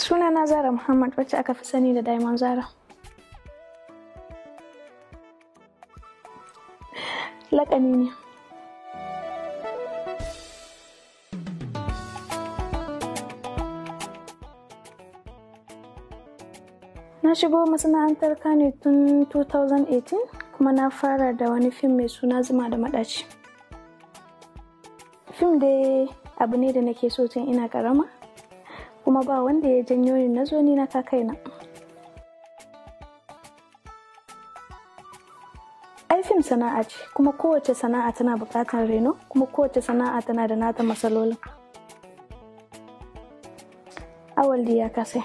Suna na Zara Muhammad wacce aka fi sani da Diamond Zara. Lakani ne. Na shigo masana'antar kane tun 2018 kuma na fara da wani fim mai suna zuma da maɗaci. Fim dai abu ne da nake so tun ina karama kuma ba wanda ya janyo ni na zo ni na ka kaina ai fim sana'a ce kuma kowace sana'a tana bukatar reno kuma kowace sana'a tana da nata matsalolin awal ya kase.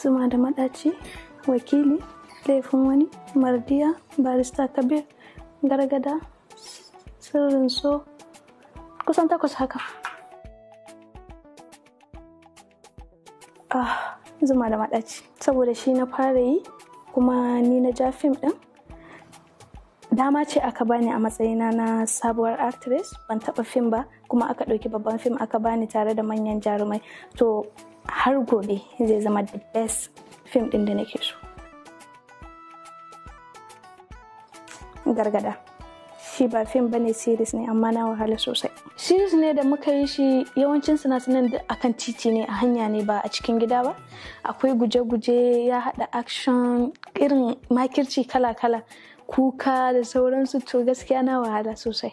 zuma da maɗaci wakili laifin wani mardiya barista kabir gargada sirrin so kusan takwas haka ah zuma da maɗaci saboda shi na fara yi kuma ni na ja fim ɗin dama ce aka bani a matsayina na sabuwar actress ban taɓa fim ba kuma aka ɗauki babban fim aka bani tare da manyan jarumai to har gobe zai zama the best fim ɗin da nake so gargada shi ba fim bane series ne amma na wahala sosai series ne da muka yi shi yawancin sinasinan da akan titi ne a hanya ne ba a cikin gida ba akwai guje-guje ya hada action irin makirci kala-kala kuka da sauransu to gaskiya na wahala sosai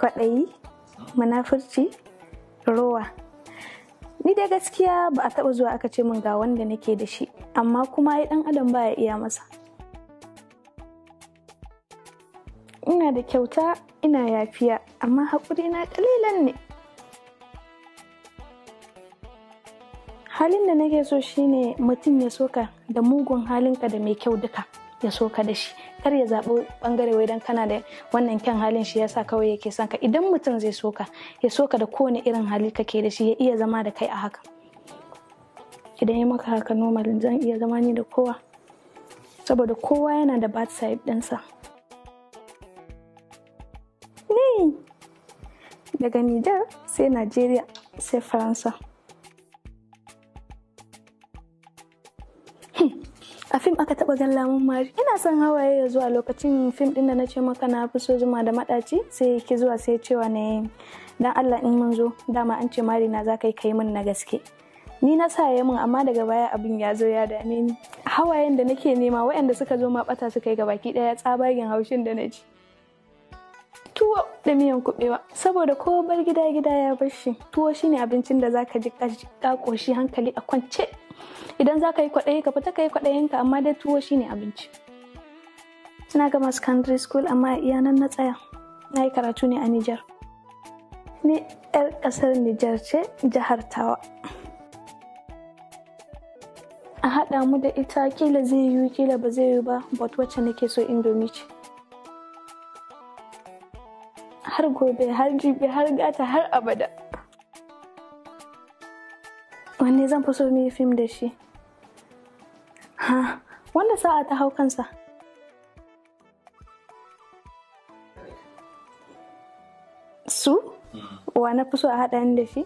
kwaɗayi munafurci rowa ni dai gaskiya ba a taɓa zuwa aka ce min ga wanda nake da shi amma kuma ya ɗan adam baya iya masa ina da kyauta ina yafiya amma haƙuri na ƙalilan ne halin da nake so shine mutum ya soka da mugun halinka da mai kyau duka ya soka da shi kar ya zaɓi ɓangare wai don kana da wannan kyan halin shi yasa kawai yake son ka idan mutum zai soka ya soka da kowane irin hali kake da shi ya iya zama da kai a haka idan ya maka haka normal zan iya zama ni da kowa saboda kowa yana da bad side ɗinsa. daga Nijar sai Najeriya sai Faransa. Hmm. a fim aka taba gan lamun mari ina son hawaye ya zuwa lokacin fim din da na ce maka na fi so zuma da madaci sai ki zuwa sai cewa na dan Allah in mun zo dama an ce mari na za ka yi kai min na gaske ni na sa mun amma daga baya abin ya zo ya dame ni hawayen da nake nema waɗanda suka zo ma bata suka yi gabaki daya tsabagen haushin da na ci tuwo da miyan kubewa saboda ko bar gida gida ya bar shi tuwo shine abincin da zaka ji ka hankali a kwance idan zaka yi kwaɗayi ka fita ka yi kwaɗayinka amma dai tuwo shine abinci suna gama secondary school amma iyanan na tsaya na yi karatu ne a Nijar ni yar ƙasar Nijar ce jihar Tawa a haɗa mu da ita kila zai yiwu kila ba zai yiwu ba but wacce nake so indomi ce har gobe har jibi har gata har abada wanne zan fi so mu yi fim da shi ha wanda sa'a ta hau kansa su wa na fi so a haɗa ni da shi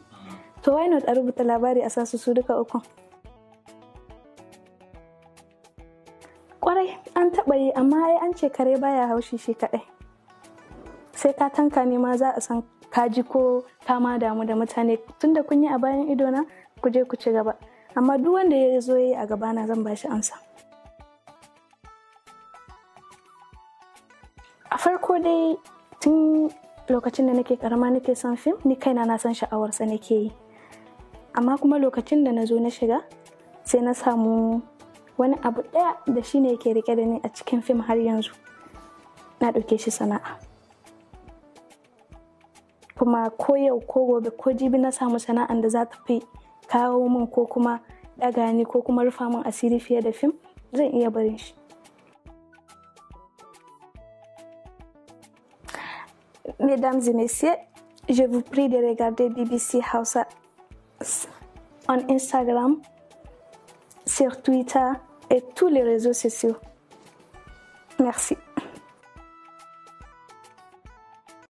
to why not a rubuta labari a sasu su duka ukun kwarai an taɓa yi amma ai an ce kare baya haushi shi kaɗai sai ka tanka ne ma za a san kaji ko ta ma damu da mutane tunda kun yi a bayan ido na ku je ku ci gaba amma duk wanda ya zo yi a gabana zan ba shi amsa a farko dai tun lokacin da nake karama nake son fim ni kaina na san sha'awar sa nake yi amma kuma lokacin da na zo na shiga sai na samu wani abu ɗaya da shi ne yake rike da ni a cikin fim har yanzu na ɗauke shi sana'a kuma ko yau ko gobe ko jibi na samu sana'an da za ta fi kawo min ko kuma ɗaga ni ko kuma rufa min asiri fiye da fim zan iya barin shi Mesdames et messieurs, je vous prie de regarder BBC House on Instagram, sur Twitter et tous les réseaux sociaux. Merci.